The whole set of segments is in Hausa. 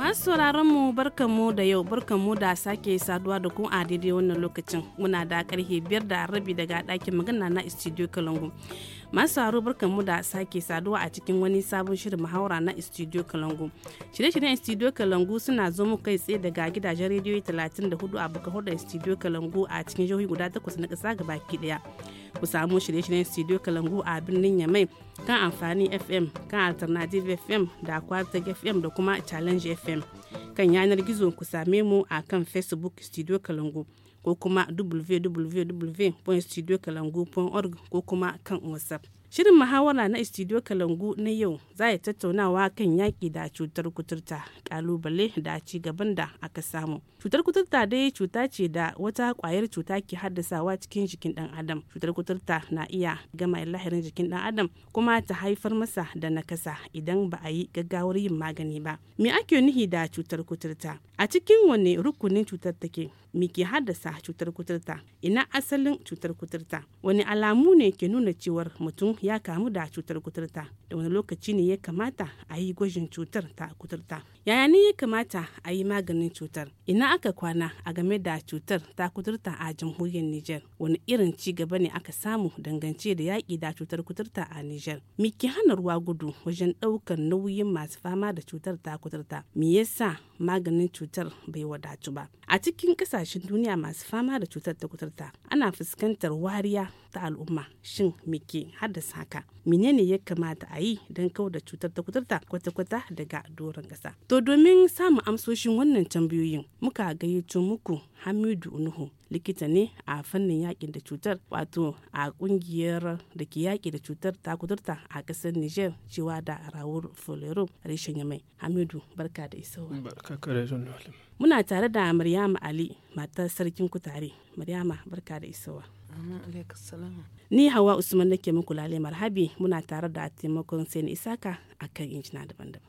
masu sauraron mu barkanmu da yau barkanmu da sake saduwa da kun a daidai wannan lokacin muna da karfe biyar da rabi daga ɗakin magana na studio kalangu masu haro mu da sake saduwa a cikin wani sabon shirin muhawara na studio kalangu shirye-shiryen studio kalangu suna zo mu kai tsaye daga gidajen rediyoyi 34 a buka da studio kalangu a cikin jihohi guda takwas na ƙasa baki daya ku samu shirye-shiryen studio kalangu a birnin yamai kan amfani fm kan alternative fm da kwartag fm da kuma challenge fm kan yanar gizo ku same mu a kan facebook studio kalangu ko kuma www.studiokalangu.org ko kuma kan whatsapp shirin muhawara na studio kalangu na yau za a tattaunawa kan yaƙi da cutar kuturta ƙalubale da ci gaban da aka samu cutar kuturta dai cuta ce da wata kwayar cuta ke haddasawa cikin jikin ɗan adam cutar kuturta na iya gama lahirin jikin ɗan adam kuma ta haifar masa da nakasa idan ba a yi gaggawar yin magani ba me ake nihi da cutar kuturta a cikin wane rukunin cutar take me ke haddasa cutar kuturta ina asalin cutar kuturta wani alamu ne ke nuna cewar mutum ya kamu da cutar kuturta da wani lokaci ne ya kamata a yi gwajin cutar ta kuturta yaya ne ya kamata a yi maganin cutar ina aka kwana a game da cutar ta kuturta a jamhuriyar niger wani irin ci gaba ne aka samu dangance da yaƙi da cutar kuturta a niger me ke hana ruwa gudu wajen ɗaukar nauyin masu fama da cutar ta kuturta me yasa maganin cutar bai wadatu ba a cikin ƙasashen duniya masu fama da cutar ta kuturta ana fuskantar wariya ta al'umma shin mike haddasa haka menene ya kamata a yi don kau da cutar ta kutarta kwata-kwata daga doron ƙasa to domin samun amsoshin wannan tambayoyin muka gayyato muku hamidu nuhu likita ne a fannin yaƙi da cutar wato a ƙungiyar da ke yaki da cutar ta kudurta a ƙasar niger cewa da rawar folero reshen yamai hamidu barka da isa muna tare da maryama ali matar sarkin kutare maryama barka da isowa Ni Hawa Usman nake muku lale marhabi muna tare da taimakon sai Isaka akan injina daban-daban.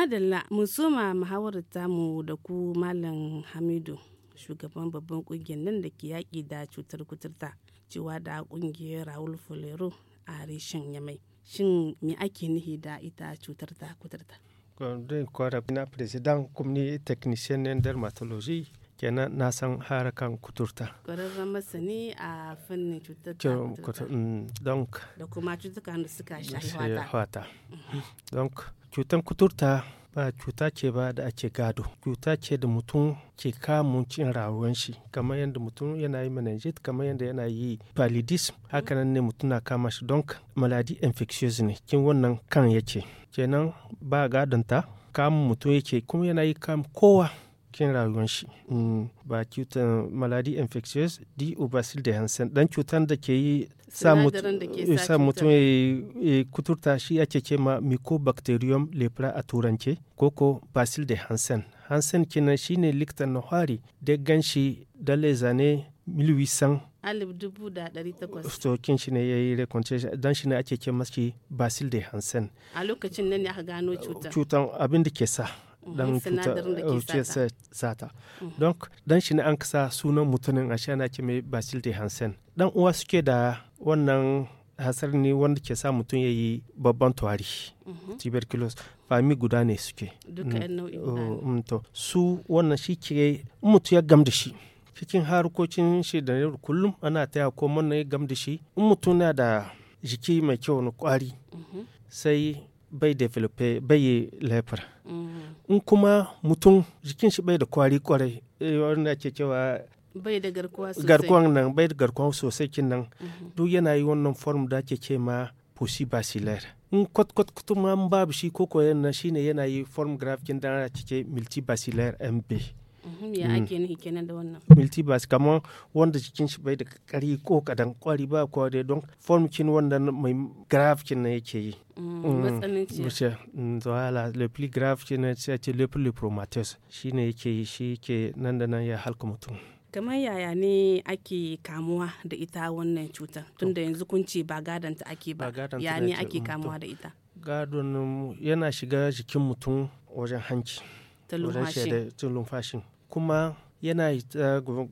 madalla mun soma muhawarar tamu da ku malam hamidu shugaban babban kungiyar nan da ke yaƙi da cutar kuturta cewa da ƙungiyar raul folero a reshen yamai shin me ake nufi da ita cutar ta kudurta gwamnatin kwara na president kumni technician na dermatology kenan na san harakan kuturta ƙwararren masani a fannin cutar ta kuturta mm, da kuma cutar da suka shafi wata mm-hmm. don cutar kuturta ba cuta ce ba da ake gado cuta ce da mutum ke kamun cin rawuwan shi kamar yadda mutum yana yi meningit kamar yadda yana yi palidis hakanan ne mutum na kama shi don maladi infectious ne kin wannan kan yake kenan ba gadonta kamun mutum yake kuma yana yi kam kowa kin rayuwar shi mm, ba cutar maladi infectious di obacil da hansen dan cutar da ke yi sa mutum ya kuturta shi ake ce ma mycobacterium lepra a turance koko basil da hansen hansen ne shine na hari da ganshi da zane milwisan alif dubu da dari takwas. Stokin shi ne ya yi reconciliation don shi ne ake ke maski Basil de Hansen. A lokacin nan ne gano cutar. Cutar abin da ke sa. dan cutar eh, sata mhm. don dan shi ne an kasa sunan mutumin a shana ke mai basil de hansen dan uwa suke da wannan hasar ne wanda ke sa mutum ya yi babban tuwari mhm. tuberculosis fami guda ne suke mm. oh, mm, to su wannan shi ke mutu ya gam da shi cikin harkokin shi da yau kullum ana taya ko mana ya gam da shi in mutum na da jiki mai kyau na kwari mhm. sai bai develope bai yi lepra mm. in kuma mutum jikin shi bai da kwari kwarai eh, wanda ake cewa bai da garkuwa sosai garkuwan nan bai da garkuwa sosai kin nan mm-hmm. duk yana yi wannan form da ake ce ma pusi basilar in kwat-kwat kuma babu shi koko yana shine yana yi form graph kin dan ake ce multi basilar mb Mhm, ya mm. ake nihi kenan da wannan multi bas kamar wanda jikin shi bai da kari ko kadan kwari ba ko dai don form kin wanda mai graph kin yake yi mm, mm, matsananciya zuwa le plus graph kin sai ce le plus promateus shine yake yi shi ke nan da nan ya halka mutum kamar yaya ne ake kamuwa da ita wannan cutar tunda yanzu kun ce ba gadanta ake ba ya ne ake kamuwa da ita gadon yana shiga jikin mutum wajen hanci ta lumfashin kuma yana eh,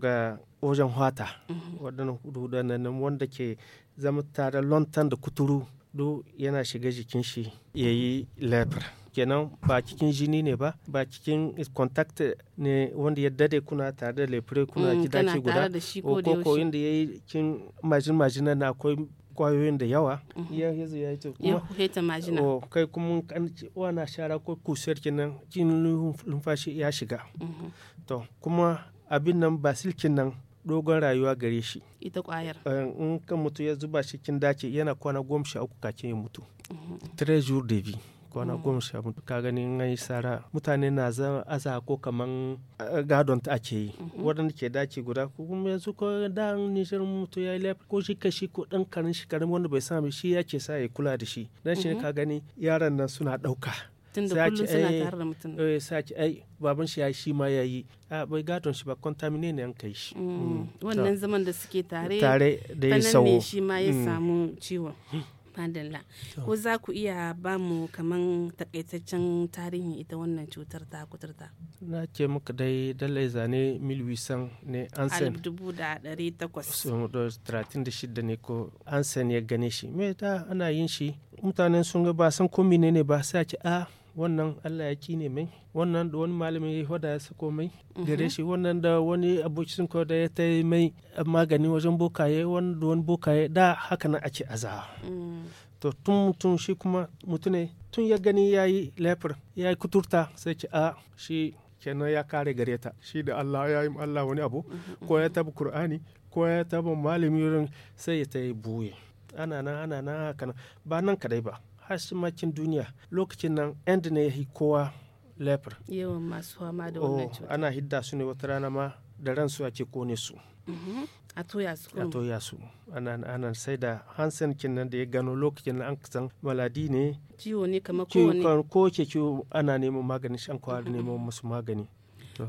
ga wajen hwata mm-hmm. waɗannan hudunan wanda ke zama tare lontan da kuturu do yana shiga jikin shi ya yi lebar kenan ba cikin jini ne ba ba cikin contact ne wanda ya dade kuna tare da lepre kuna mm, gida guda ko ko inda ya yi kin majin majin na akwai kwayoyin da yawa mhm. ya hezu ya ce ya heta majina o oh, kai kuma kan wana shara ko kusur kinan jin lumfashi ya shiga mhm. to kuma abin nan silkin nan dogon rayuwa gare shi ita kwayar eh, in kan mutu ya zuba shi kin dace yana kwana goma sha uku kake ya mutu mhm. treasure de vie kwana mm. goma sha hudu ka gani in an yi sara mutane na za aza ko kaman eh, gadon ta ake yi mm-hmm. wadanda ke dace guda ko kuma yanzu ko da nijar mutu ya yi laifin ko shi kashi ko ɗan karin shi karin wanda bai sami shi ya ke sa ya kula da shi dan shi mm-hmm. ka gani yaran nan suna ɗauka tunda kullum suna tare da mutum eh, sace ai baban shi ya shi ma ya yi a bai gadon shi ba kontamine ne an kai shi mm. Mm. wannan zaman da suke tare tare da ya sawo shi ma ya samu ciwon madalla ko za ku iya ba mu kaman takaitaccen tarihin ita wannan cutar ta kuturta na ce muka dai dalai zane 1800 ne ansen 1836 ne ko ansen ya gane shi me ta ana yin shi mutanen sun ga ba san ko ne ba sai a ce a ah, wannan Allah ya kine mai wannan da wani malami wanda ya sako mai mhm. gare shi wannan da wani abokin ko da ya ta mai magani wajen bokaye wannan da wani bokaye da haka nan ake azawa mm. to tun mutum shi kuma mutum ne tun ya gani ya yi lafir ya kuturta sai ki a shi kenan ya kare gare ta shi da Allah ya yi Allah wani abu mm-hmm, mm-hmm. ko ya Kur'ani ko ya taba malami sai ya ta yi buye ana nan ana nan haka nan ba nan kadai ba hasimakin duniya lokacin nan yan ne ya kowa leper yawan masu fama da oh, wannan cuta ana hidda su ne wata rana ma da ransu ake kone su mm-hmm. a toya su a toya su ana sai da hansen kinan da ya gano lokacin an san maladi ne ciwo ne kamar kowane ko ke ciwo ana neman magani shan kwari neman musu magani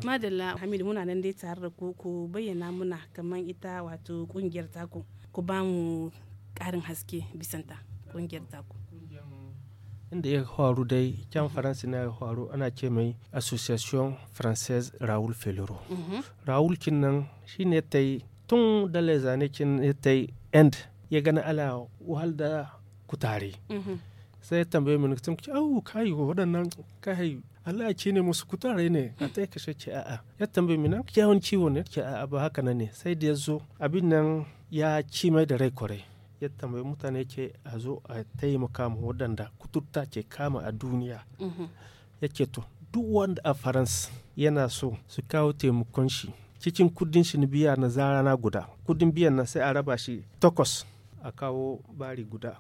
madalla hamidu muna nan dai tare da ku bayyana muna kamar ita wato kungiyar taku ku ba mu karin haske bisanta kungiyar taku inda ya faru dai can faransa na ya faru ana ce mai association française raoul felero mhm. raoul kin nan shi ne ta yi tun da lezane kin ya ta yi end ya gana ala wahal da kutare mhm. sai ya tambaye mini tun ce au kayi waɗannan kayi Allah ce ne musu kutare ne a ta kashe ce a'a ya tambaye mini kyawun ciwo ne ce a'a ba haka nan ne sai da ya zo abin nan ya ci mai da rai kwarai ya tambayi mutane ce a zo a taimaka mu waɗanda kuturta ke kama a duniya mhm. yake to duk wanda a faransa yana so su kawo taimakon shi cikin kudin shi biya na zara na guda kudin biyan na sai a raba shi takwas a kawo bari guda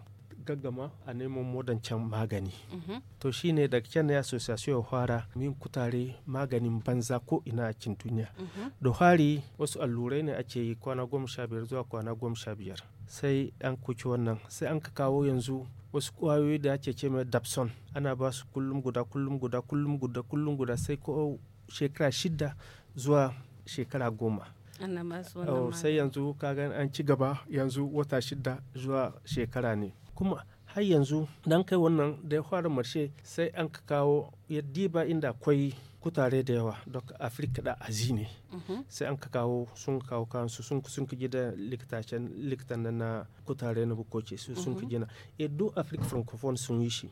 gaggama a neman modancan magani mhm. to ne daga can ya association ya fara min kutare maganin banza ko ina a cikin duniya mhm. da hari wasu allurai ne ake yi kwana goma sha biyar zuwa kwana goma sha biyar sai an kuci wannan sai an ka kawo yanzu wasu kwayoyi da ake ce mai dapson ana ba su kullum guda kullum guda kullum guda kullum guda sai ko shekara shida zuwa shekara goma sai yanzu kaga an ci gaba yanzu wata shida zuwa shekara ne kuma har yanzu dan kai wannan da ya fara marshe sai an ka kawo ya diba inda akwai kutare da yawa dok afirka da azi ne mhm. sai an ka kawo sun kawo kansu sun sun ka gida likitacen likitan na kutare na bukoce su sun ka mhm. gina e duk afirka francophone sun yi shi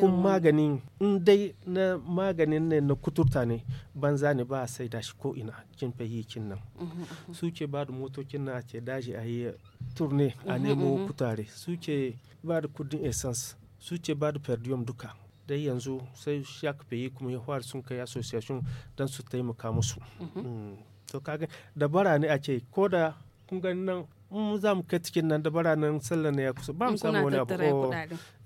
kun maganin in dai na maganin ne na kuturta ne banza ne ba sai da shi ko ina kin kin nan mhm, su ke ba da motokin na ke daji a yi turne a nemo kutare su ke ba da kudin essence su ce ba da perdium duka dai yanzu sai shak peyi kuma ya fara sun kai association don su taimaka musu mhm. mm. to kaga dabara ne a ce ko da kun gani nan mun za mu kai cikin nan dabara nan sallar ne ya kusa ba mu samu wani abu oh.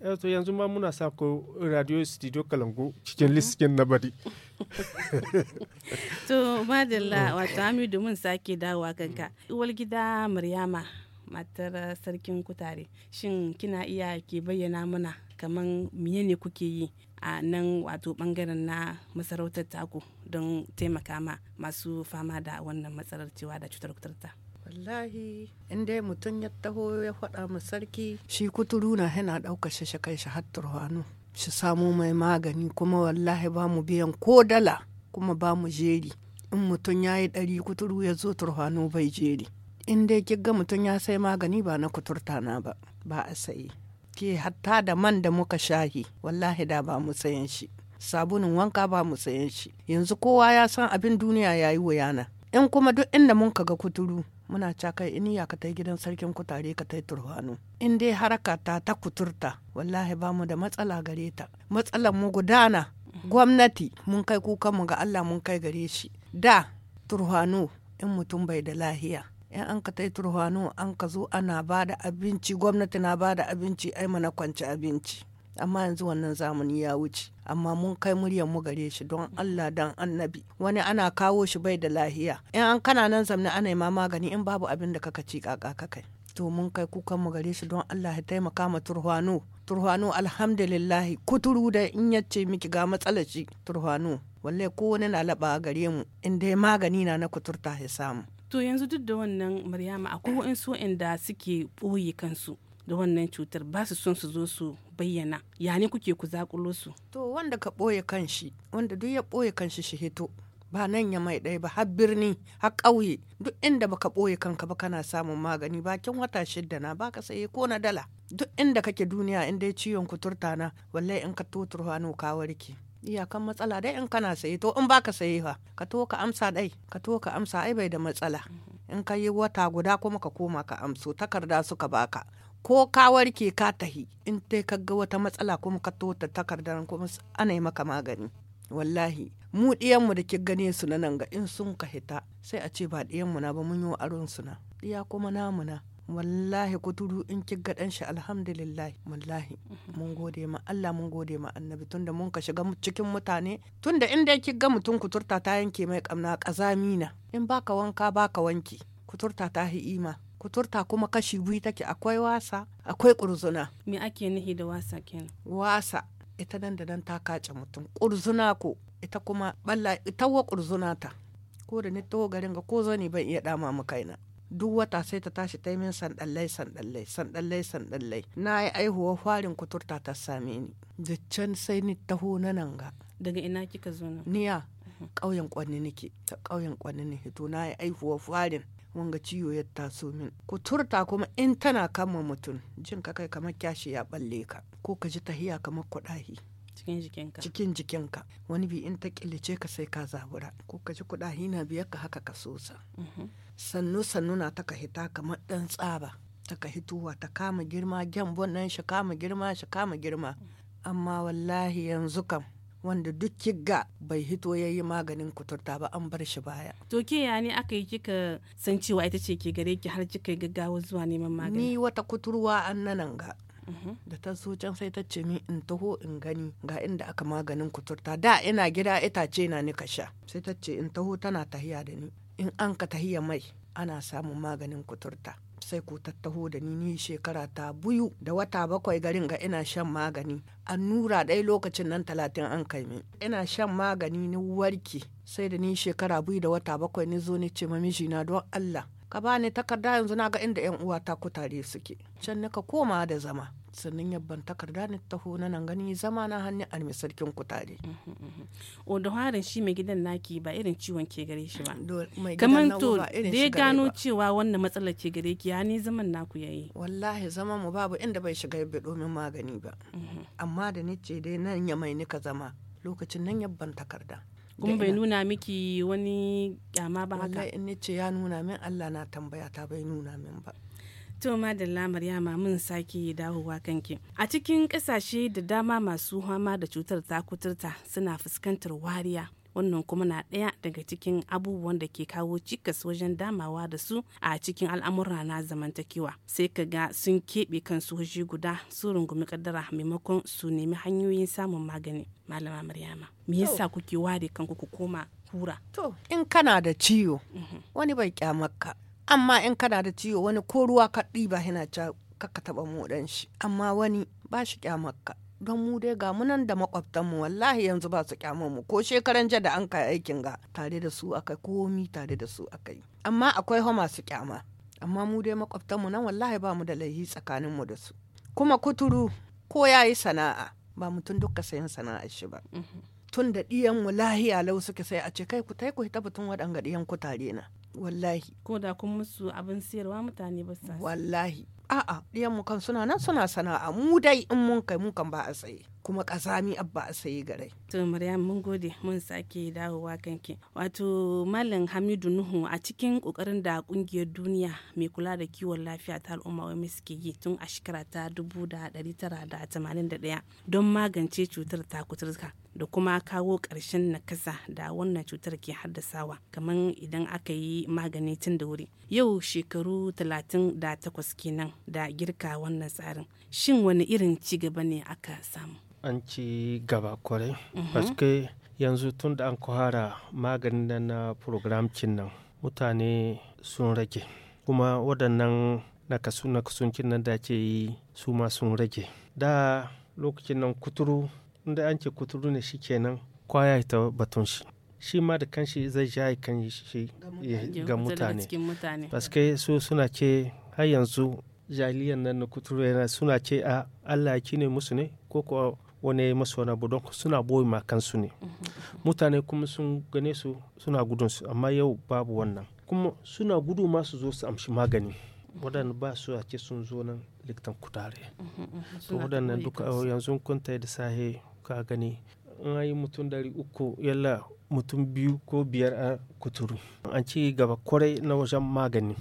eh, to yanzu ma muna sa ko radio studio kalangu cikin mhm. liskin na bari to madalla mm. wato hamidu mun sake dawowa kanka mm. uwar gida maryama matar sarkin kutare shin kina iya ke bayyana mana kamar miye ne kuke yi a nan wato bangaren na masarautar taku don taimaka ma masu fama da wannan matsalar cewa da cutar kuturta wallahi in dai mutum ya taho ya faɗa mu sarki shi kuturu na yana ɗaukar shi kai shi har turhanu shi samo mai magani kuma wallahi ba mu biyan ko dala kuma ba mu jeri in mutum ya yi ɗari kuturu ya zo turhanu bai jeri in dai ga mutum ya sai magani ba na kuturta na ba ba a sayi ke hatta da man da muka shahi wallahi da ba mu sayan shi sabunin wanka ba mu sayan shi yanzu kowa ya san abin duniya ya yi wayana in kuma duk inda mun kaga ga kuturu muna ca kai in ya ka tai gidan sarkin kutare ka tai turhanu in dai haraka ta ta kuturta wallahi ba mu da matsala gare ta matsalar mu gudana gwamnati mun kai kukan mu ga Allah mun kai gare shi da turhanu in mutum bai da lahiya in an ka tai turhanu an ka zo ana ba da abinci gwamnati na ba da abinci ai mana kwanci abinci amma yanzu wannan zamani ya wuce amma mun kai muryar mu gare shi don Allah dan annabi wani ana kawo shi bai da lahiya in an kana nan zamani ana ma magani in babu abin da kaka ci kaka kakai to mun kai kukan mu gare shi don Allah ya taimaka ma turhanu turhanu alhamdulillah kuturu da in yace miki ga matsalar shi turhanu wallahi ko wani na laba gare mu in dai magani na na kuturta ya samu to yanzu duk da wannan maryama akwai wa'insu inda suke ɓoye kansu da wannan cutar ba su son su zo su bayyana ya ne kuke ku zakulo su to wanda ka ɓoye kanshi wanda duk ya ɓoye kanshi shi hito ba nan ya mai ɗaya ba har birni har ƙauye duk inda baka ɓoye kanka ba kana samun magani bakin wata shidda na baka saye ko na dala duk inda kake duniya inda ciwon kuturta na wallahi in ka toturwa hannu ka warke iyakan matsala dai in kana saye to in baka saye fa ka to ka amsa dai ka to ka amsa ai bai da matsala mm-hmm. in ka yi wata guda kuma ka koma ka amso takarda suka baka ko ka warke ka tahi in dai ka ga wata matsala kuma ka to ta takardar kuma ana yi maka magani wallahi mu ɗiyanmu da ke gane su na nan ga in sun ka hita sai a ce ba ɗiyanmu na ba mun yi wa aron su na iya kuma namu na wallahi kuturu in ki ga dan shi alhamdulillah wallahi mhm. mun gode ma Allah mun gode ma annabi tunda mun ka shiga cikin mutane tunda inda ki ga mutum kuturta ta yanke mai kamna kazami na in baka wanka baka wanki kuturta ta hi'ima ima kuturta kuma kashi biyu take akwai wasa akwai kurzuna me ake nihi da wasa kenan wasa ita nan da nan ta kace mutum kurzuna ko ita kuma balla ita wa kurzuna ta ko da ni to garin ga ko zo ne ban iya dama mu kaina duk wata sai ta tashi ta yi min sandallai sandallai sandallai sandallai na yi aihuwa farin kuturta ta same ni da can sai ni taho na nan ga daga ina kika zo nan niya mhm. ƙauyen kwanni nake ta ƙauyen kwanni ne hito na yi aihuwa farin wanga ciwo ya taso min kuturta kuma in tana kama mutum jin ka kai kamar kyashi ya balle ka ko ka ji tahiya kamar kuɗahi cikin jikinka cikin jikinka wani bi in ta kilice ka sai ka zabura ko ka ji kuɗahi na biyar ka haka ka sosa mhm. sannu sannu na taka hita kamar ɗan tsaba taka hituwa ta kama girma gyambon nan shi kama girma shi kama girma amma wallahi yanzu kam wanda duk kiga bai hito ya yi maganin kuturta ba an bar shi baya. To ke ya ne aka yi kika san cewa ita ce ke gare ki har kika gaggawa zuwa neman magani? Ni wata kuturwa an nanan ga. Mhm. Da ta so can sai ta ce min in taho in gani ga inda aka maganin kuturta da ina gida itace na nika sha. Sai ta ce in taho tana tahiya da ni. in an ka tahiya mai ana samun maganin kuturta sai ku tattaho da ni ni shekara ta buyu da wata bakwai garin ga ina shan magani annura ɗaya lokacin nan talatin an kai min ina shan magani na warki sai da ni shekara biyu da wata bakwai ni zo ni ce ma mijina don Allah ka bani takarda yanzu na ga inda yan uwa ta kutare suke can nika koma da zama sannan yabban takarda ne taho na nan gani zama na hannun armi sarkin kutare. o harin shi mai gidan naki ba irin ciwon ke gare shi ba kamar to da ya gano cewa wannan matsalar ke gare ki ni zaman naku ya yi. wallahi zama mu babu inda bai shiga yabbe domin magani ba amma da ni ce dai nan ya mai nika zama lokacin nan yabban takarda kuma bai nuna miki wani kyama ba haka wallahi in ce ya nuna min Allah na tambaya ta bai nuna min ba To lamar yama mun sake dawowa kanki. A cikin kasashe da dama masu hama da cutar ta kuturta suna fuskantar wariya. Wannan kuma na ɗaya daga cikin abubuwan da ke kawo cikas wajen damawa da su a cikin al'amura na zamantakewa. Sai ka ga sun keɓe kansu waje guda su rungumi kaddara maimakon su nemi hanyoyin samun magani. Malama Maryama, me yasa kuke ware kanku ku koma kura? To, in kana da ciwo, mhm. wani bai kyamarka. amma in kana da ciwo wani ko ruwa ka ɗiba yana ca kaka taɓa moɗan shi amma wani ba shi kyamaka don mu dai ga munan da makwabtanmu wallahi yanzu ba su mu ko shekaran jiya da an kai aikin ga tare da su akai komi tare da su akai amma akwai ho masu kyama amma mu dai makwabtanmu nan wallahi ba mu da laihi tsakanin mu da su kuma kuturu ko ya yi sana'a ba mutum duka sayan sana'a shi ba mm-hmm. tun da ɗiyan mu lahiya lau suke sai a ce kai ku tai ku ta batun waɗanga ɗiyan ku tare na wallahi ko da kun musu abin siyarwa mutane ba sa wallahi a'a ɗiyan mu kan suna nan suna sana'a mu dai in mun kai mun kan ba a tsaye kuma ƙazami abba a sayi garai. To Maryam mun gode mun sake dawowa kanki. Wato Malam Hamidu Nuhu a cikin ƙoƙarin da ƙungiyar duniya mai kula da kiwon lafiya ta al'umma wa suke yi tun a shekara ta 1981 don magance cutar ta kuturka. da kuma kawo ƙarshen nakasa da wannan cutar ke haddasawa kamar idan aka yi magani tun da wuri. Yau shekaru talatin da takwas kenan da girka wannan tsarin. shin wani irin ci gaba ne aka samu an ci gaba kwarai mhm. paske yanzu tun da an kohara maganin na program cin nan mutane sun rage kuma waɗannan nakasu nakasuncin nan da ke yi su ma sun rage da lokacin nan kuturu inda an ce kuturu ne shi kenan kwaya ta batun shi shi ma da kanshi zai ja kan shi ga mutane paske su suna ce har yanzu jahiliyan nan na kuturu suna ce a Allah ki ne musu ne ko kuwa wani masu wani abu don suna boye ma kansu ne mutane kuma sun gane su suna gudun su amma yau babu wannan kuma suna gudu ma zo su amshi magani waɗanda ba su a ce sun zo nan likitan kutare to waɗannan duka yanzu kunta da sahe ka gani an yi mutum dari uku yalla mutum biyu ko biyar a kuturu an ci gaba kwarai na wajen magani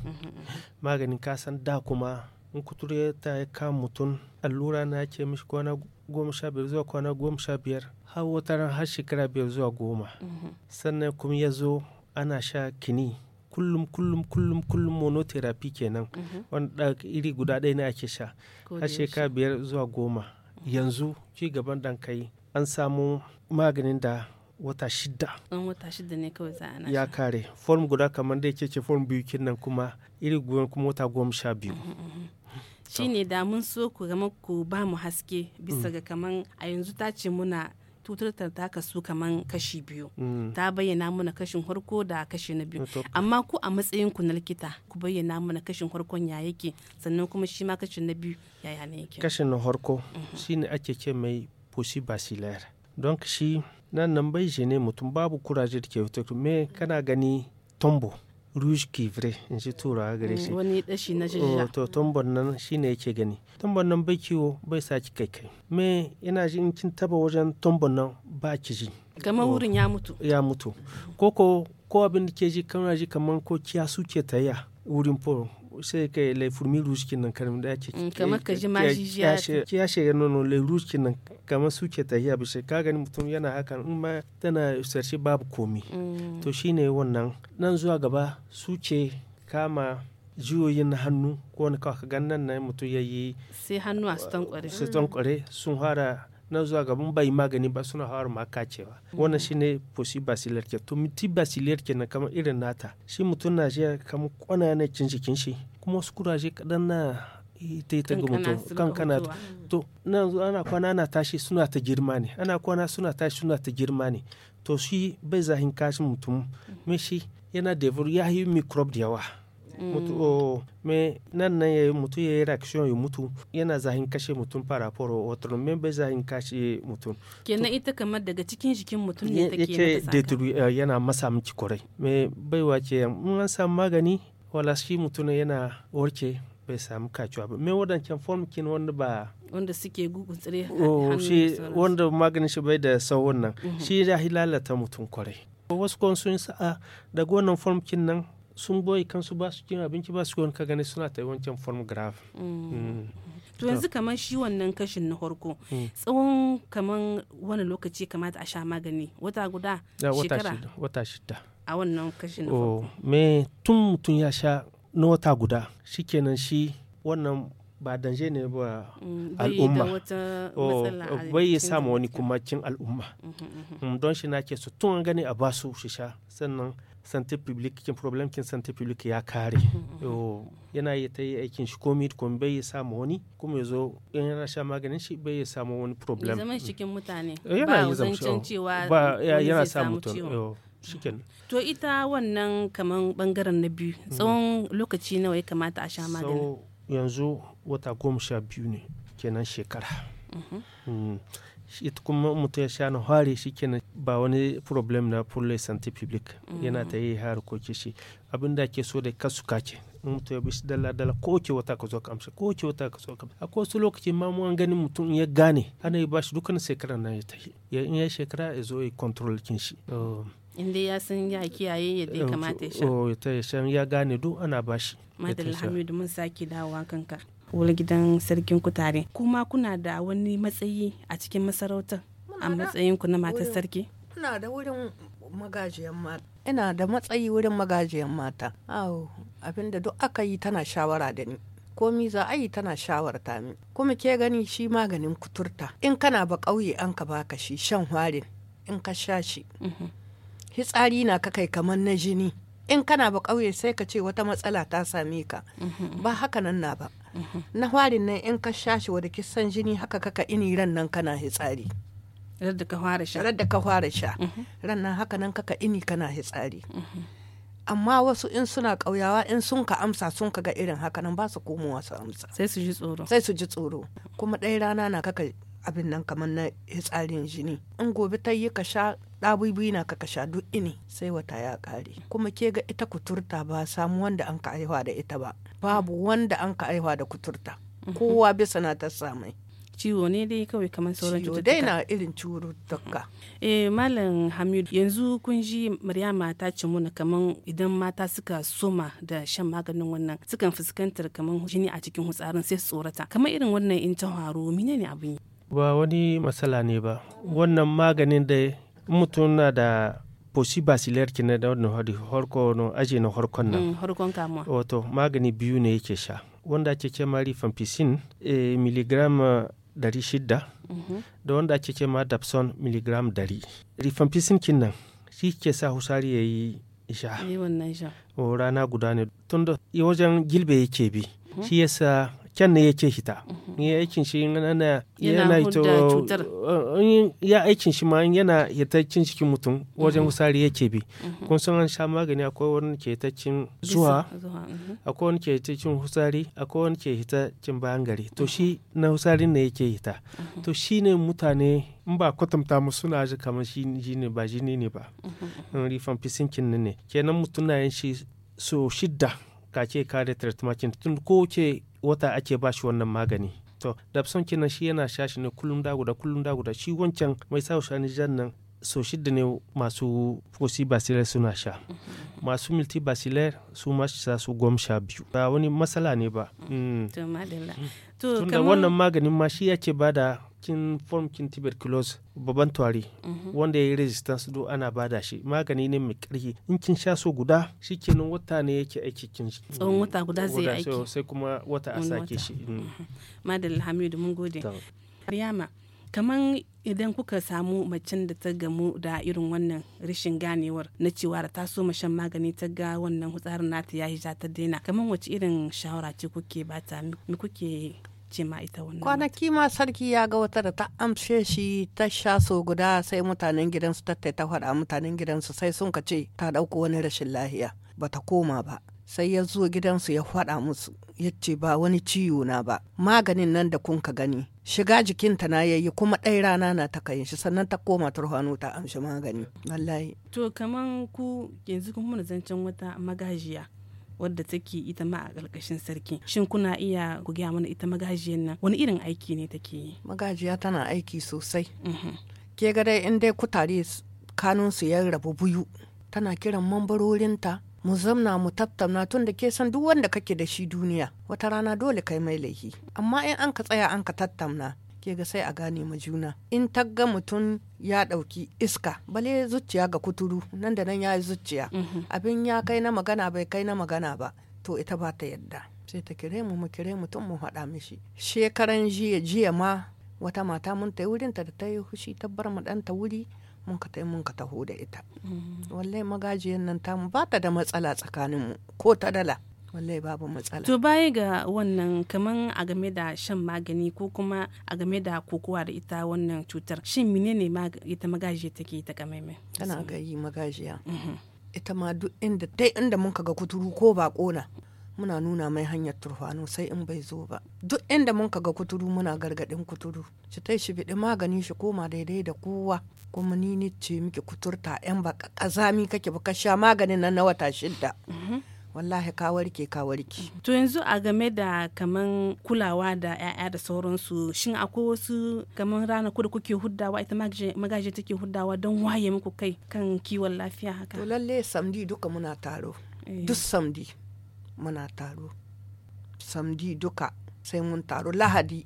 magani kasan da kuma in kuturu ta ya kama mutum allura na ke mishi kwana goma sha biyar zuwa kwana goma sha biyar har wata ran har shekara biyar zuwa goma mm-hmm. sannan kuma ya zo ana sha kini kullum kullum kullum kullum monotherapy kenan mm-hmm. wanda iri guda ɗaya ne ake sha har shekara biyar zuwa goma mm-hmm. yanzu ci gaban dan kai an samu maganin da wata shida. an wata shida ne kawai za ana Ya kare. Form guda kamar da yake ce form biyu kinnan kuma iri guda kuma wata goma sha biyu. shine da mun so ku gama ku ba mu haske bisa mm. ga kaman a yanzu ta ce muna tutartar ta kasu kaman kashi biyu mm. ta bayyana muna kashin harko da kashi na biyu eh, amma ku a matsayin ku na likita ku bayyana mana kashin harkon ya yake sannan kuma shi ma kashin na biyu ya yana yake kashin na harko mm-hmm. ne ake ce mai fushi basilar don shi nan nan bai ne mutum babu kuraje da ke fito me kana gani tombo rouge kivre in shi turawa gare shi mm, wani dashi na jijja oh, to tambon nan ne yake gani tambon nan bai kiwo bai ki kai kai me ina ji in kin taba wajen tambon nan ba ki ji kamar oh, wurin ya mutu ya mutu ko ko abin da ke ji kamar ji kamar ko kiya suke tayya wurin po sai ka yi laifin Rouge cikin nan karim da ake mm, kamar ka ji ma jijiya ya shi ya nono laifin cikin nan kamar suke tahiya bishe ka gani mutum yana hakan in ma tana sarci babu komi mm. to shine wannan nan zuwa gaba suke kama jiyoyin hannu ko wani kawaka gan na mutum ya yi sai hannu a su tankware su sun fara nan zuwa gaban bai magani ba suna hawar maka cewa mm. wannan shine posi basilar ke to miti basilar ke na kama irin nata shi mutum na shi na cin jikin shi kuma wasu kuraje kadan na ita e, ita ta kan kana to nan ana kwana ana tashi suna ta girma ne ana kwana suna tashi suna ta girma ne to shi bai zahin kashin mutum me shi yana devil ya yi microbe da yawa mm. mutu o me nan nan ya mutu ya yi reaction ya mutu yana zahin kashe mutum para foro wato me bai zahin kashe mutum kenan ita kamar daga cikin jikin mutum ne take yake eh, yana masa miki kwarai me baiwa ce mun an samu magani wala shi mutum yana warke bai samu kacewa ba me wadancan formkin wanda ba wanda suke gugun tsire oh, shi wanda maganin shi bai da sau nan mhm. shi ya lalata mutum kwarai wasu kuma sun sa'a daga wannan formkin nan sun boye kansu ba su cin abinci ba su kiwon ka gani suna ta wancan form graph mm. mm. to yanzu kamar shi wannan kashin na farko mm. tsawon kamar wani lokaci kamata a sha magani wata guda shekara wata shida a wannan kashin na oh, farko me tun mutum ya sha na wata guda shikenan shi wannan ba danje ne ba mm, al'umma oh, bai yi sama wani kuma cin al'umma mm, mm, don shi na ke su tun an gani a basu shi sha sannan santa public kin problem kin santa public ya kare yana yi ta yi aikin shi komi kuma bai yi sama wani kuma ya zo in yana sha maganin shi bai yi sama wani problem zama cikin mutane eh, ba zancen cewa yana samu mutum shiken to ita wannan kaman bangaren na biyu mm. tsawon lokaci nawa ya kamata a sha magani yanzu wata goma sha biyu ne kenan shekara mm-hmm. mm. ita kuma mutum ya sha na hare shi kenan ba wani problem na fulle santé publique yana mm. ta yi har ke shi abin da ke so da kasu kake in mutum ya shi dala dala ko ke wata ka zo ka amsa ko ke wata ka zo ka amsa akwai wasu lokaci ma mu an gani mutum ya gane ana yi ba shi dukkan shekara na ya tafi ya in ya shekara ya zo ya control kin shi um, inda ya san ya kiyaye yadda ya kamata ya sha oh ta sha ya gane duk ana bashi madalla hamidu mun sake dawowa kanka wani gidan sarkin ku tare. kuma kuna da wani matsayi a cikin masarautar a matsayin ku na matar sarki ina da wurin magajiyan mata ina da matsayi wurin magajiyan mata awo abinda duk aka yi tana shawara da ni komi za a yi tana shawarta min kuma ke gani shi maganin kuturta in kana ba ƙauye an ka baka shi shan warin in ka sha shi mhm. hitsari na kakai kamar na jini in kana ba ƙauye sai ka ce wata matsala ta same ka mhm. ba haka nan na ba mhm. na farin nan in ka sha shi wadda kisan jini haka kaka ini ran nan kana hitsari radda ka fara sha radda ka fara sha mhm. ran nan haka nan kaka ini kana hitsari amma wasu in suna ƙauyawa in sun ka amsa sun ka ga irin haka nan ba su komowa su amsa sai su ji tsoro sai su ji tsoro kuma ɗaya rana na kaka abin nan kamar na tsarin jini in gobe ta yi ka sha ɗabibi na ka sha duk ini sai wata ya ƙare kuma ke ga ita kuturta ba samu wanda an ka aihuwa da ita ba babu wanda an ka aihuwa da kuturta mhm. kowa bisa na ta samai ciwo ne dai kawai kamar sauran cututtuka dai na irin cututtuka eh malam hamid yanzu kun ji maryama ta ci muna kamar idan mata suka soma da shan maganin wannan sukan fuskantar kamar jini a cikin hutsarin sai su tsorata kamar irin wannan in ta haro menene abin yi. ba wani matsala ne ba wannan maganin da mutum na da posi basilar kenan da wannan hari harko no aje na harkon nan mm, harkon kamuwa wato magani biyu ne yake sha wanda ake ce mari fampicin e, eh, miligram 600 eh, mm-hmm. da wanda ake ce ma dapson miligram 100 rifampicin kin nan shi ke sa husari ya yi isha. O rana guda ne. Tunda wajen gilbe yake bi. Mm-hmm. Shi yasa kyan ne yake hita ya aikin shi yana yana ito uh, ya aikin shi ma yana hitaccin cikin mutum wajen mhm. wusari yake bi mhm. kun san an sha magani akwai wani ke hitaccin zuwa mhm. akwai wani ke hitaccin wusari akwai wani ke hitaccin bayan gari to shi na wusari ne yake hita to shi ne mutane in ba kwatanta mu suna ji kamar shi ne ba jini ne ba rifan fisinkin ne kenan mutum na yin shi so shidda kake kare tretmakin tun ko ke wata ake ba shi wannan magani to dabson kenan shi yana shashi shi ne kullum da guda kullum da shi wancan mai sa shani jan nan so shida ne masu basilar suna sha mhm. masu basilar su ma sha su gom sha biyu ba wani matsala ne ba mm. Mm. Mm. tunda wannan maganin ma shi yake bada kin form kin tuberculosis babban tuwari mhm. wanda ya yi resistance do ana bada shi magani ne mai karfi in kin sha so guda shi kenan wata ne yake aiki kin shi tsawon wata guda zai aiki sai kuma wata a sake shi mhm. madalla hamidu mun gode kaman idan kuka samu macen da ta gamu da irin wannan rashin ganewar na cewa da ta so shan magani ta ga wannan hutsarin nata ya hija ta daina kamar wace irin shawara ce kuke bata mi kuke ce ma ita wannan kwanaki ma sarki ya ga wata da ta amshe shi ta sha so guda sai mutanen gidansu ta ta faɗa mutanen gidansu sai sun ka ce ta ɗauko wani rashin lahiya bata koma ba sai ya zo gidansu ya faɗa musu ya ce ba wani ciwo na ba maganin nan da kun ka gani shiga jikinta na yayi kuma ɗai rana na ta kai shi sannan ta koma ta ruhano ta amshi magani wallahi to kaman ku yanzu kun muna zancen wata magajiya wadda take ita ma a ƙarƙashin sarki shin kuna iya ku gaya mana ita magajiyar nan wani irin aiki ne take yi magajiya tana aiki sosai mhm. ke ga dai in dai kutare kanunsu ya rabu buyu tana kiran mambarorinta mu zamna mu tattauna tun da ke san duk wanda kake da shi duniya wata rana dole kai mai laifi amma in an ka tsaya an ka tattauna ke ga sai a gane ma juna in tagga mutum ya ɗauki iska bale zuciya ga kuturu nan da nan ya yi zuciya mhm. abin ya kai na magana bai kai na magana ba to ita ba ta yadda sai ta kire mu mu kire mutum mu haɗa mishi shekaran jiya jiya ma wata mata mun ta wurin ta da ta yi hushi ta bar mu ɗanta wuri mun ka yi mun ka taho da ita mm. wallahi magajiyan nan tamu ba ta da matsala tsakanin mu ko ta dala wallahi babu matsala to baya ga wannan kaman a game da shan magani ko kuma a game da kokowa da ita wannan cutar shin menene ita magajiya take ta kamaimai tana gayi magajiya mm-hmm. ita ma duk inda dai inda mun ga kuturu ko ba kona muna nuna mai hanyar turfanu sai in bai zo ba duk inda mun ga kuturu muna gargadin kuturu shi tai shi biɗi magani shi koma daidai da kowa kuma ni ni ce miki kuturta yan ba kazami kake ba ka sha maganin nan na wata shidda mhm. wallahi ka warke ka warke to yanzu a game da kaman kulawa da 'ya'ya da sauransu shin akwai wasu kaman ranaku da kuke huddawa ita magaji take huddawa don waye muku kai kan kiwon lafiya haka to lalle samdi duka muna taro eh. duk samdi muna taro samdi duka sai mun taro lahadi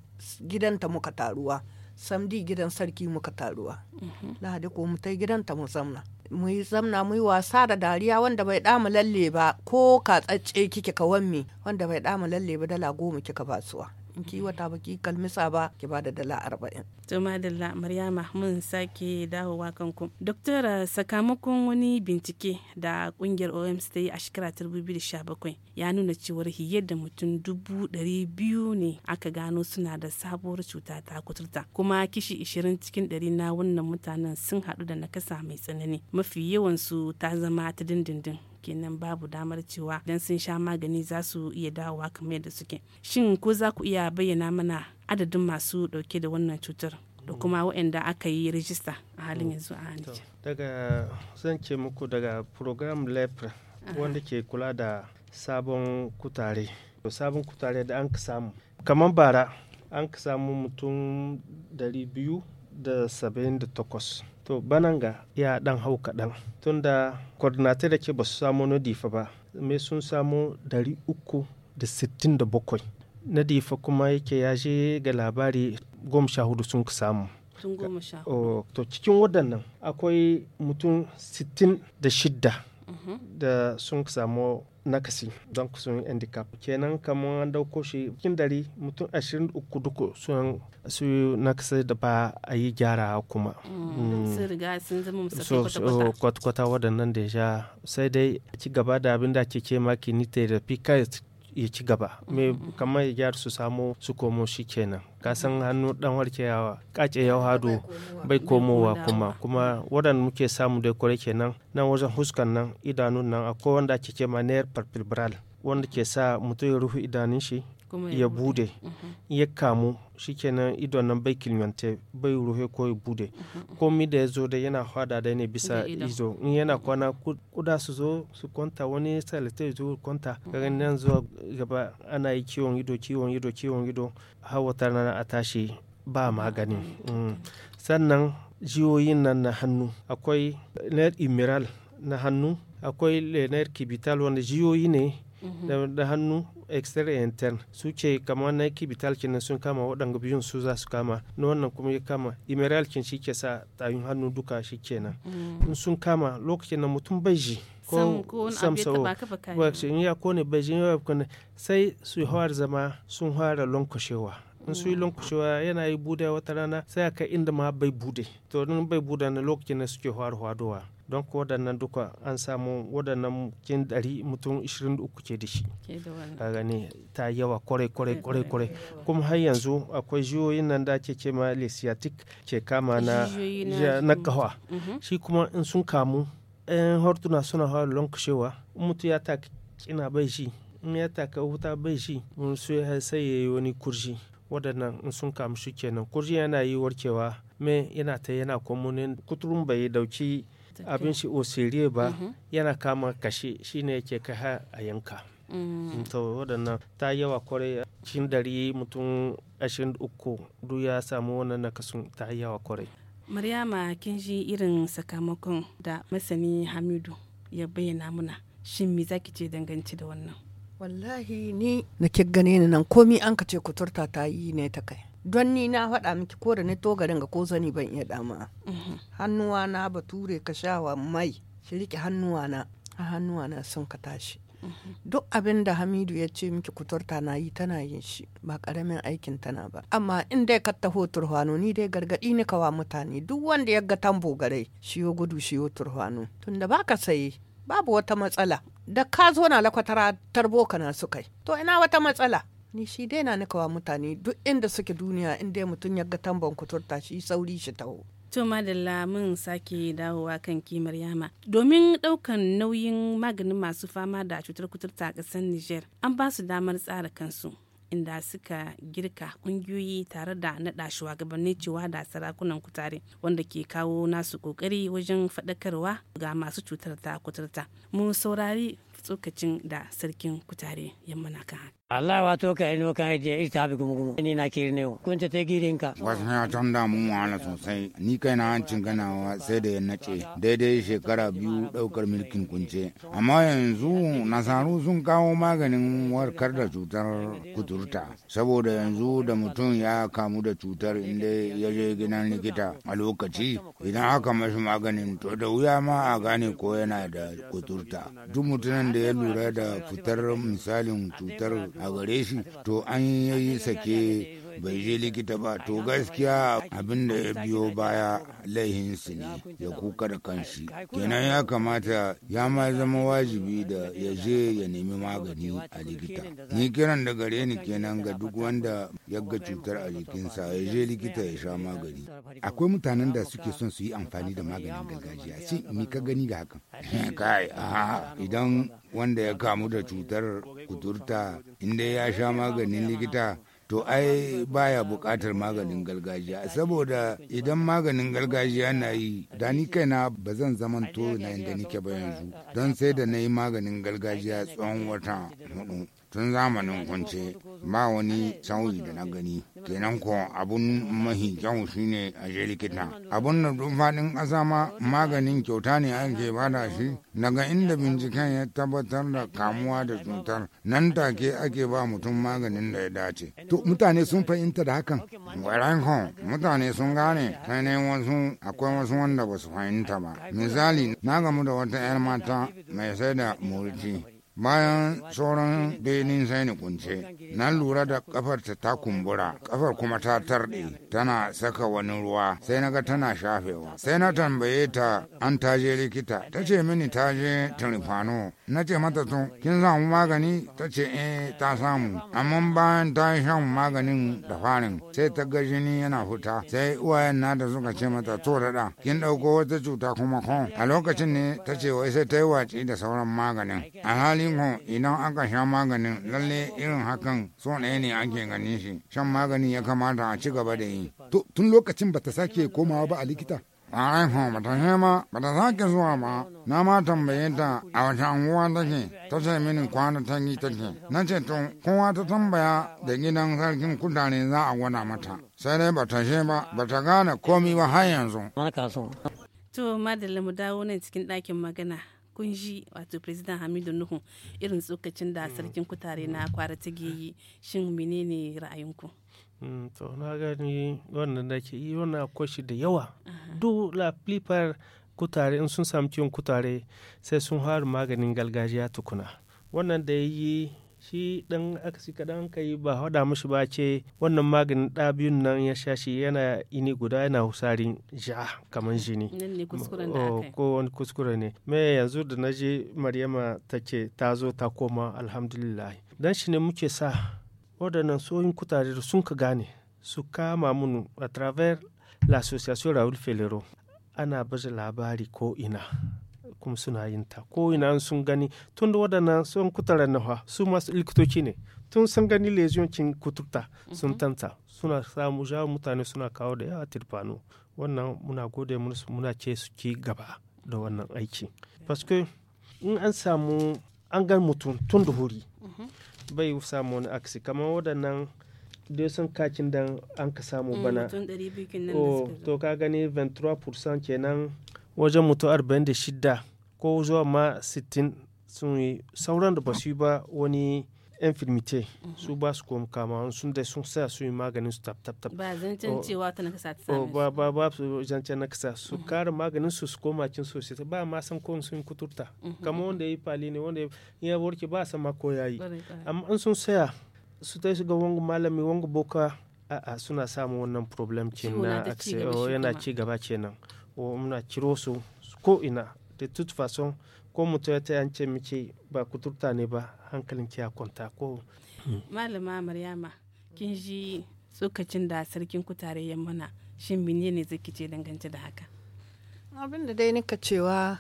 gidanta muka taruwa samdi gidan sarki muka taruwa mhm. lahadi ko mu tai gidanta mu zamna mu yi zamna mu yi wasa da dariya wanda bai damu lalle ba ko katsacce kike ka wamme wanda bai damu lalle ba dala goma kika basuwa in ki wata ba kalmisa ba ki ba da dala arba'in. to dala maryama mun sake dawowa kanku Doktora sakamakon wani bincike da kungiyar oms ta yi a shekara ta 2017 ya nuna cewar hiye da mutum dubu ɗari biyu ne aka gano suna da sabuwar cuta ta kuturta kuma kishi ishirin cikin ɗari na wannan mutanen sun haɗu da nakasa mai tsanani mafi yawansu ta zama ta dindindin kenan babu damar cewa dan sun sha magani za su iya dawowa kamar yadda suke shin ko za ku iya bayyana mana adadin masu dauke da wannan cutar da mm. kuma waɗanda aka yi rijista a halin mm. yanzu a daga zan ce muku daga program lepre wanda ke kula da sabon kutare sabon kutare da an ka samu kamar bara an ka samu mutum 278 to bananga ya dan hau kaɗan tunda coordinator da ke ba su samu na difa ba me sun samu 367 na difa kuma yake ya je ga labari goma sha hudu sun samu oh, to cikin waɗannan akwai mutum 66 da sun samu nakasi don sun handicap kenan kamar an dauko shi cikin dari mutum 23 uku duku sun su nakasi da ba a yi gyara kuma mm, sun riga sun zama musamman kwata-kwata waɗannan da ya sai dai ci gaba da abin da ake ke maki ni therapy kite ya ci gaba me mm-hmm. kamar ya su samo su komo shi kenan ka san hannu dan warke yawa kace yau hado bai komowa kuma kuma wadan muke samu da kore kenan nan wajen huskan nan idanun nan akwai wanda ake ce ma nerve wanda ke sa mutum ya rufe idanun shi ya bude mhm. ya kamu shikenan idon nan bai kilmante bai ruhe ko ya bude mhm. komi da ya zo da yana hada da ne bisa izo in yana mhm. kwana kuda su zo su kwanta wani salite zo kwanta garin nan zuwa gaba ana yi kiwon ido kiwon ido kiwon ido hawa tarana a tashi ba magani mm. sannan jiyoyin nan na hannu akwai na na hannu akwai lenar kibital wanda jiyoyi ne Mhm. da hannu exterior intern su ce kama yake vital kenan sun kama waɗanda biyun su za su kama na wannan kuma ya kama imeral kin shi ke sa tayin hannu duka shi kenan mhm. in sun kama lokacin na mutum bai ji ko sam sau in ya kone bai ji ya sai su hawar zama sun fara lankwashewa in su yi mm. lankushewa yana yi bude wata rana sai aka inda ma bai bude to bai bude na lokacin da suke hawar hadowa don ko waɗannan duka an samu waɗannan kin ɗari mutum 23 ke da shi a gani ta yawa kwarai kwarai kwarai kwarai kuma har yanzu akwai jiyoyin nan da ke ma lesiatic ke kama na na kawa mhm. shi kuma in sun kamu yan hortuna suna hawa kushewa. mutu ya ta kina bai shi in ya ka huta bai shi sai ya yi wani kurji waɗannan in sun kamu shi kenan kurji yana yi warkewa me yana ta yana kwamunin kuturun bai dauki abin shi osiriye ba mm-hmm. yana kama kashe shine yake kai a yanka mm. to waɗannan ta yawa kwarai cikin dari mutum ashirin uku duk ya samu wannan nakasun ta yawa kwarai maryama kin ji irin sakamakon da masani hamidu ya bayyana muna shin me zaki ce danganci da wannan wallahi ni na gane ni nan komi an ka ce kuturta ta yi ne ta kai don ni na faɗa miki ko da ni to garin ga ko zani ban iya dama mhm. hannuwa na ture ka wa mai shi riƙe hannuwa na hannuwa na sun ka tashi mhm. duk abin da hamidu ya ce miki kuturta na yi tana yin shi ba karamin aikin tana ba amma in dai ka taho turhwano ni dai gargaɗi ni kawa mutane duk wanda ya ga tambo garai shiyo gudu shiyo turhwano tunda baka saye babu wata matsala da ka zo na lakwatara tarbo kana su kai to ina wata matsala ni shi dai na nika wa mutane duk inda suke duniya inda mutum ya ga tambon kuturta shi sauri shi taho To madalla mun sake dawowa kan kimar yama. Domin daukan nauyin maganin masu fama da cutar kuturta a ƙasar niger an ba su damar tsara kansu. inda suka girka kungiyoyi tare da naɗa shugabanni cewa da sarakunan kutare wanda ke kawo nasu kokari wajen faɗakarwa ga masu cutar ta kuturta mu saurari tsokacin da sarkin kutare na kan Allah to ka ino kan je ita bi gumu gumu ni na ne kun ta girin ka wasu ya tan da mun wahala sosai ni kai na hancin wa sai da yan nace daidai shekara biyu daukar mulkin kunce amma yanzu nasaru sun kawo maganin warkar da cutar kuturta saboda yanzu da mutum ya kamu da cutar inda ya je gidan likita a lokaci idan aka mashi maganin to da wuya ma a gane ko yana da kuturta duk mutumin da ya lura da fitar misalin cutar a gare shi to an yi sake bai je likita ba to gaskiya abin da ya biyo baya laihinsu ne ya kuka da kanshi kenan ya kamata ya ma zama wajibi da ya je ya nemi magani a likita ni kiran da gare ni kenan ga duk wanda ya ga cutar a jikinsa ya je likita ya sha magani akwai mutanen da suke son su yi amfani da maganin gargajiya sai ni ka gani ga hakan kai idan wanda ya kamu da cutar kuturta inda ya sha maganin likita to ai baya buƙatar maganin gargajiya saboda idan maganin gargajiya na yi da ni kaina ba zan zamanto na inda nike ba yanzu don sai da na yi maganin gargajiya tsawon wata hudu tun zamanin kunce ba wani sauyi da na gani kenan ko abun mahi kyau shine a je likita abun da faɗin ƙasa ma maganin kyauta ne ake bada shi daga inda binciken ya tabbatar da kamuwa da cutar nan take ake ba mutum maganin da ya dace to mutane sun fahimta da hakan waran ko mutane sun gane kai ne wasu akwai wasu wanda ba su fahimta ba misali na gamu da wata 'yar mata mai sai da murci bayan sauran benin sai ni kunce na lura da kafar ta ta kumbura kafar kuma ta tarɗe tana saka wani ruwa sai na ga tana shafewa sai na tambaye ta an ta je likita ta ce mini ta je tirifano na ce mata tun. kin samu magani ta ce eh ta samu amma bayan ta shan maganin da farin sai ta ga jini yana fita sai uwayen da suka ce mata to da kin ɗauko wata cuta kuma kon a lokacin ne ta ce wai sai ta yi watsi da sauran maganin a hali ko idan aka sha maganin lalle irin hakan so ɗaya ne ake ganin shi shan magani ya kamata a ci gaba da yi. Tun lokacin bata sake komawa ba a likita? a ba ta hema ba ta sake zuwa ba na ma tambaye ta a wata anguwa take ta ce mini kwana ta yi take na ce to kowa ta tambaya da gidan sarkin kudane za a gwada mata sai dai ba ta she ba ba ta gane komi ba har yanzu. to madalla mu dawo nan cikin ɗakin magana kunji wato president hamidu nuhu irin tsokacin da mm. sarkin kutare na mm. kwara ta yi shin menene ra'ayinku mm, to na gani wannan da ke yi wannan akwashi da yawa duk la flipper kutare in sun samu ciwon kutare sai sun haru maganin gargajiya tukuna wannan da yi shi dan si kaɗan ka yi ba hada mushi ba ce wannan maganin ɗabiyun nan ya sha shi yana ini guda yana husarin ja kamar jini oh, ko wani kuskure ne me yanzu da na je maryama ta ce ta zo ta koma alhamdulillah dan shi ne muke sa waɗannan soyin kutare sun ka gane su kama mun a travers l'association raoul felero ana baje labari ko ina kuma suna yin ta ko ina sun gani tun da waɗannan sun kutaren nawa su masu likitoci ne tun sun gani lesion kututta sun mhm. tanta suna samu jawo mutane suna kawo da yawa tirfano wannan muna gode musu muna ce su ci gaba da wannan aiki paske in an samu an gan mutum tun da huri mhm. bai samu wani aksi kamar waɗannan dai sun kakin dan an ka samu mm, bana oh, to ka gani 23% kenan wajen mutu 46 ko zuwa ma 60 sun yi sauran da ba su yi ba wani infirmite su ba su koma kama sun dai sun sa su yi maganin su tap tap tap ba zancen oh, cewa ta nakasa ta oh, same ba ba ba su zancen nakasa su mm-hmm. kara maganin su su koma cin ba ma san ko sun kuturta mm-hmm. kamar wanda yi fali ne wanda ya warke ba san ma ko yayi amma an sun saya su tai su ga wangu malami wangu boka a suna samun wannan problem kenan oh, yana ci gaba kenan muna ciro su ko ina de toute façon ko mutu ya ta yance miki ba kuturta ne ba hankalin ki ya kwanta ko malama maryama kin ji tsokacin da sarkin ku tarayyan muna shin ne zaki ce dangance da haka abin da dai nika cewa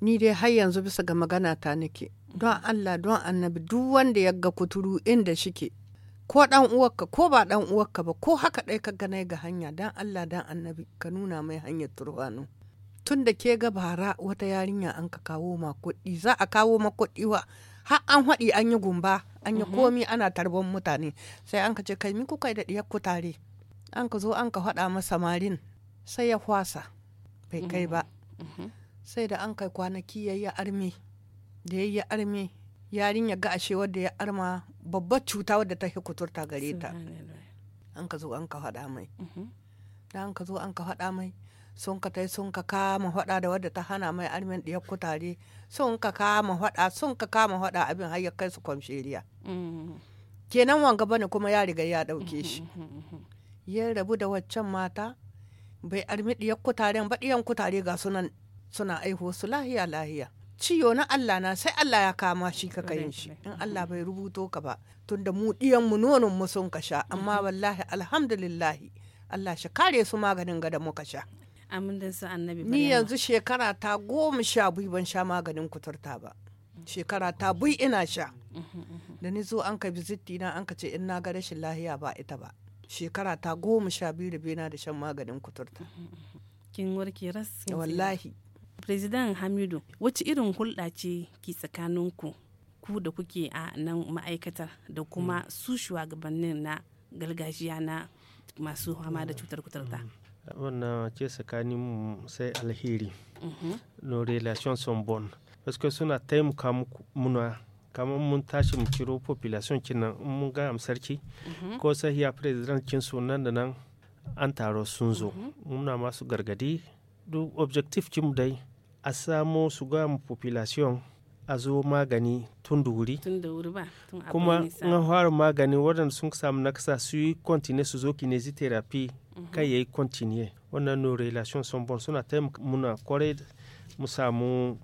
ni dai har yanzu bisa ga magana ta nake don Allah don annabi duk wanda ya ga kuturu inda shike ko dan uwarka ko ba dan uwarka ba ko haka dai ka nai ga hanya dan Allah dan annabi ka nuna mai hanyar turwano tun da ke ga bara wata yarinya an ka kawo ma kuɗi za a kawo ma kuɗi wa har an haɗi an yi gumba an yi mhm. komi ana tarban mutane sai an ka ce kai min kuka da ɗiyar ku tare an ka zo an ka haɗa masa marin sai ya kwasa. bai mhm. kai ba mhm. sai da an kai kwanaki ya yi armi da ya yi armi yarinya ga ashe wadda ya arma babbar cuta wadda ta kuturta gare ta an ka zo an ka haɗa mai da an ka zo an ka haɗa mai sun ka tai sun ka kama hada da wadda ta hana mai armen ɗiyar kutare sun ka kama hada sun ka kama hada abin har ya kai su kwamshiriya mm-hmm. kenan wanga bane kuma ya riga ya ɗauke shi mm-hmm, mm-hmm, ya rabu da waccan mata bai armi ɗiyar kutaren ba diyan kutare ga sunan suna aiho su lahiya lahiya ciyo na Allah na sai Allah ya kama shi ka kayin shi in Allah bai rubuto ka ba tunda mu diyan mu nonon mu sun ka sha amma wallahi alhamdulillahi Allah shi kare su maganin ga da muka sha amin annabi ni yanzu shekara ta goma sha biyu ban sha maganin kuturta ba shekara ta biyu ina sha da ni zo an ka biziti na an ka ce in na ga rashin lahiya ba ita ba shekara ta goma sha biyu da bena da shan maganin kuturta kin warke ras wallahi president hamidu wace irin hulɗa ce ki tsakaninku ku da kuke a nan ma'aikatar da kuma su shugabannin na gargajiya na masu hama da cutar kuturta Wannan ce tsakanin mu sai alheri. Mhm. Nos relations sont bonnes. Parce que suna taimaka muna kamar mun tashi mu kiro population kinan in mun ga sarki mhm. ko sahiya president kin nan da nan an taro sun zo mhm. muna masu gargadi duk objective kin dai a samo su ga mu population a zo magani tun da wuri kuma in fara magani waɗanda sun samu nakasa su yi continue su zo kinesi therapy kai ya yi continue wannan no relation son bon suna taimaka muna kwarai mu samu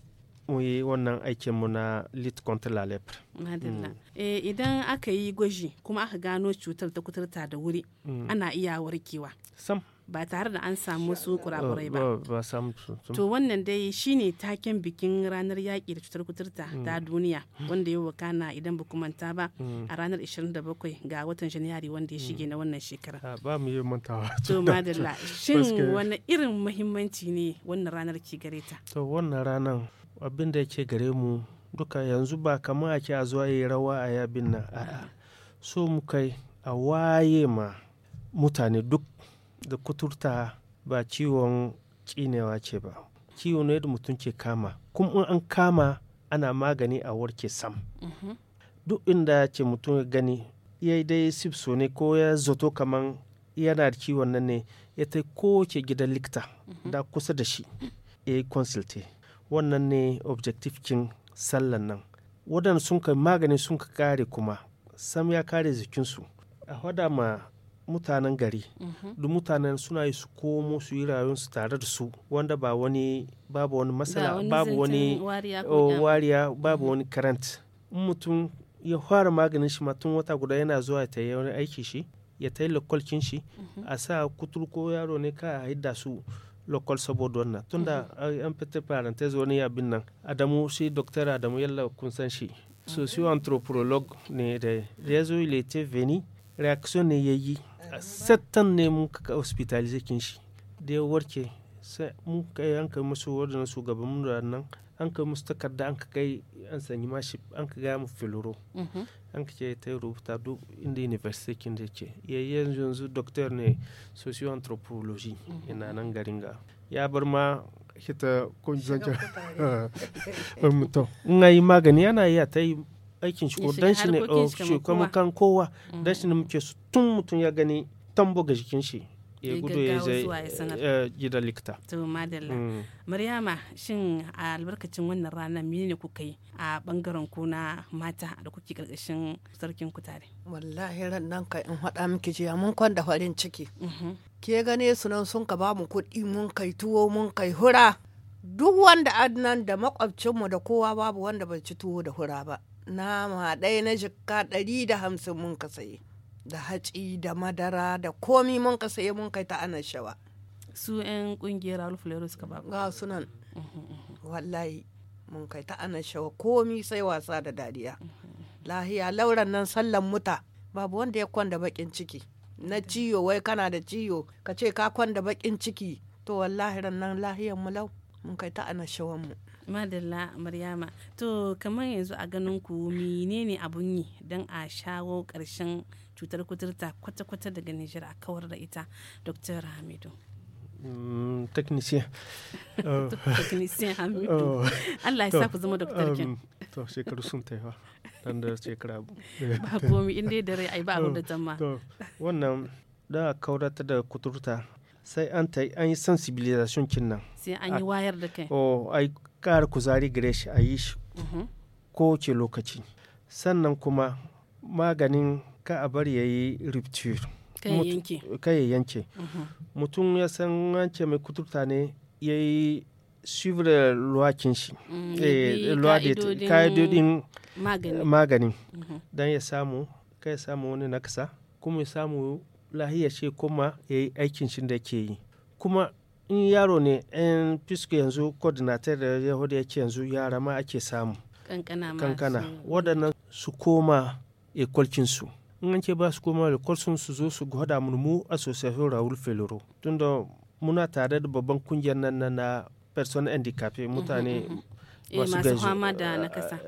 muyi wannan aikin mu na lit contre la lepre. madina idan aka yi gwaji kuma aka gano cutar ta kuturta da wuri ana mm. iya warkewa. Sam. ba tare da an samu su kurakurai ba to wannan dai shi ne taken bikin ranar yaƙi da cutar kuturta mm. ta duniya wanda ya wakana idan ba kumanta ba mm. a ranar 27 ga watan janairu wanda ya shige mm. na wannan shekara ba mu yi mantawa to madalla shin wani irin muhimmanci ne wannan ranar ke gare ta to wannan ranar abin da yake gare mu duka yanzu ba kamar ake a zuwa yi rawa a yabin nan a'a so mu kai a waye ma mutane duk da kuturta ba ciwon cinewa ce ba ciwo ne da mutum ke kama kuma an kama ana magani a warke sam mhm. duk inda ce mutum ya gani ya dai sipso ne ko ya zato kaman yana da ciwon nan ne ya ta kowace gidan likta mhm. da kusa da shi ya yi consulte wannan ne objective kin sallan nan wadanda sun ka magani sun ka kare kuma sam ya kare jikinsu a hada ma mutanen gari mhm. duk mutanen suna yi su komo su yi rayuwarsu tare da su wanda ba wani babu wani masala, babu wani oh, wariya babu mhm. wani karant mutum ya fara maganin shi matun wata guda yana zuwa ta yi wani aiki shi ya ta yi lokolkin shi mhm. a sa kuturko yaro ne ka haida su lokal saboda wannan tunda an fita parenthesis wani abin nan adamu shi doktor adamu yalla kun san shi socio-anthropologue ne da ya zo il te veni. Reaction ne ya yi settan ne mun ka hospitalize kin shi da ya warke sai mun kai an kai musu wadannan shugaban mu nan an kai musu takarda an ka kai an sanyi mashi an ka gaya mu filoro mhm. an ka ce ta rubuta duk inda university kin da ke yayin yanzu yanzu doctor ne socio anthropology ina mhm. nan garin ga ya bar ma hita kun zanjar mutum in yi magani yana iya ta yi aikin shi ko dan shi ne shi oh, kuma kan kowa mm. dan shi ne muke su tun mutum ya gani tambo ga jikin shi ya gudu ya zai eh, gida likita. To madalla. Mm. Maryama shin a albarkacin wannan rana mene ne kuka yi a bangaren ku na mata da kuke karkashin sarkin ku tare? Wallahi ran nan ka in faɗa miki jiya mun kwanda farin ciki. Mm-hmm. Ke gane su nan sun ka ba mu kuɗi mun kai tuwo mun kai hura. Duk wanda adnan da makwabcinmu da kowa babu wanda bai ci tuwo da hura ba. nama ɗaya na jikka ɗari da hamsin mun ka saye da haci da madara da komi mun ka saye mun kai ta ana shawa su 'yan kungiyar alfulero suka ba ga sunan wallahi mun kai ta ana shawa komi sai wasa da dariya lahiya lauran nan sallan muta babu wanda ya kwanda bakin ciki na ciyo wai kana da ciyo ka ce ka kwanda bakin ciki to wallahi ran nan lahiyan mu lau mun kai ta ana shawan mu madalla maryama to kamar yanzu a ganin ku menene abun yi don a shawo ƙarshen cutar kuturta kwata-kwata daga nijar a kawar da ita dr hamidu Mm, technicien. Oh. Hamidu. Oh. Allah ya sa ku zama doktor um, kin. To shekaru sun ta Dan da shekara. Ba komi inda da rai ai ba abin da tamma. To wannan da kaurata da kuturta sai an ta an yi sensibilisation kin Sai an yi wayar da kai. Oh ƙara kuzari gare shi a yi shi mhm. kowace lokaci sannan kuma maganin ka a bari ya yi rupture kai ya yanke mhm. mutum ya san wance mai kuturta ne ya yi suivre luwakin shi mm, eh, ka'idodin magani mhm. don ya samu kai samu wani nakasa kuma ya samu lahiya ce kuma ya yi aikin shi da ke yi kuma in yaro ne yan fiske yanzu coordinator da yahudu yake yanzu yara ma ake samu kankana waɗannan su koma ekolkinsu in an ce ba su koma ekolkin su zo su gwada mu association raul feloro tunda muna tare da babban kungiyar nan na person handicapé mhm, mutane mhm, mhm. Eh, masu gaji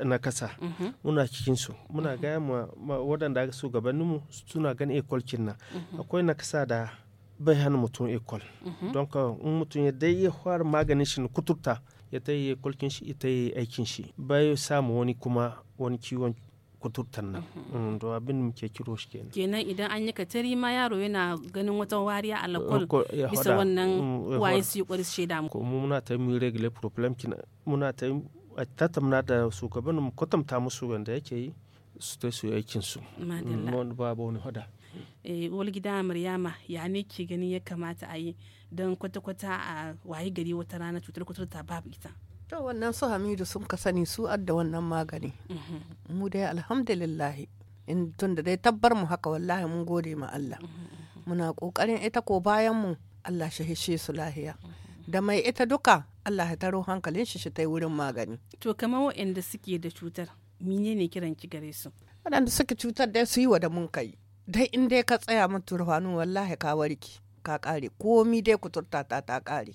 na kasa eh, muna cikinsu muna gaya ma waɗanda su gabaninmu suna gani ekolkin nan akwai na kasa da bai hana mutum equal don ka mutum ya dai ya fara maganin shi kuturta ya ta yi kulkin shi ita yi aikin shi bai samu wani kuma wani kiwon kuturtan nan mm, da abin muke kiro shi kenan kenan idan an yi katari ma yaro yana ganin wata wariya a lakol bisa wannan mm, waye su yi kwaris shaida mu muna ta mu regular problem kina muna ta a tattamna da shugaban mu kwatanta musu wanda yake yi su ta su aikin su mm, babu wani hada Eh, wani gida maryama ya ne ke gani ya kamata a yi don kwata-kwata a waye gari wata rana cutar kwatar ta babu ita to wannan su hamidu sun ka sani su adda wannan magani mhm. mu dai alhamdulillahi in tun da dai tabbar mu haka wallahi mun gode ma Allah mhm, mhm. muna kokarin ita ko bayan mu Allah shi su lahiya da mai ita duka Allah ya taro hankalin shi shi ta wurin magani. To kamar wa'anda suke da cutar, menene ne kiran ki gare su? Waɗanda suke cutar dai su yi wa da mun kai. dai in dai ka tsaya min turfanu wallahi ka warki ka kare komi dai kuturta ta ta kare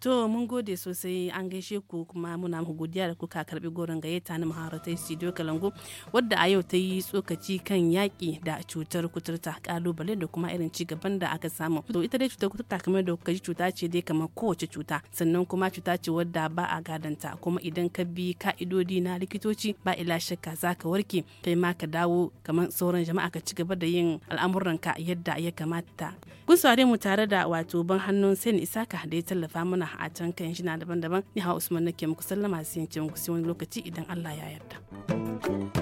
To mun gode sosai an gaishe ku kuma muna mu godiya da kuka karbi gorin gayyata na maharatai studio Kalango wadda a yau ta yi tsokaci kan yaƙi da cutar kuturta kalubale da kuma irin ci gaban da aka samu. To ita dai cutar kuturta kamar da kuka ji cuta ce dai kamar kowace cuta sannan kuma cuta ce wadda ba a gadanta kuma idan ka bi ka'idodi na likitoci ba ila shakka za ka warke kai ma ka dawo kamar sauran jama'a ka ci gaba da yin al'amuranka yadda ya kamata. Kun mu tare da wato ban hannun Sen Isaka da ya tallafa mana a can kan shi na daban-daban ni ha usman nake muku sallama sai in ce muku sai wani lokaci idan Allah ya yarda.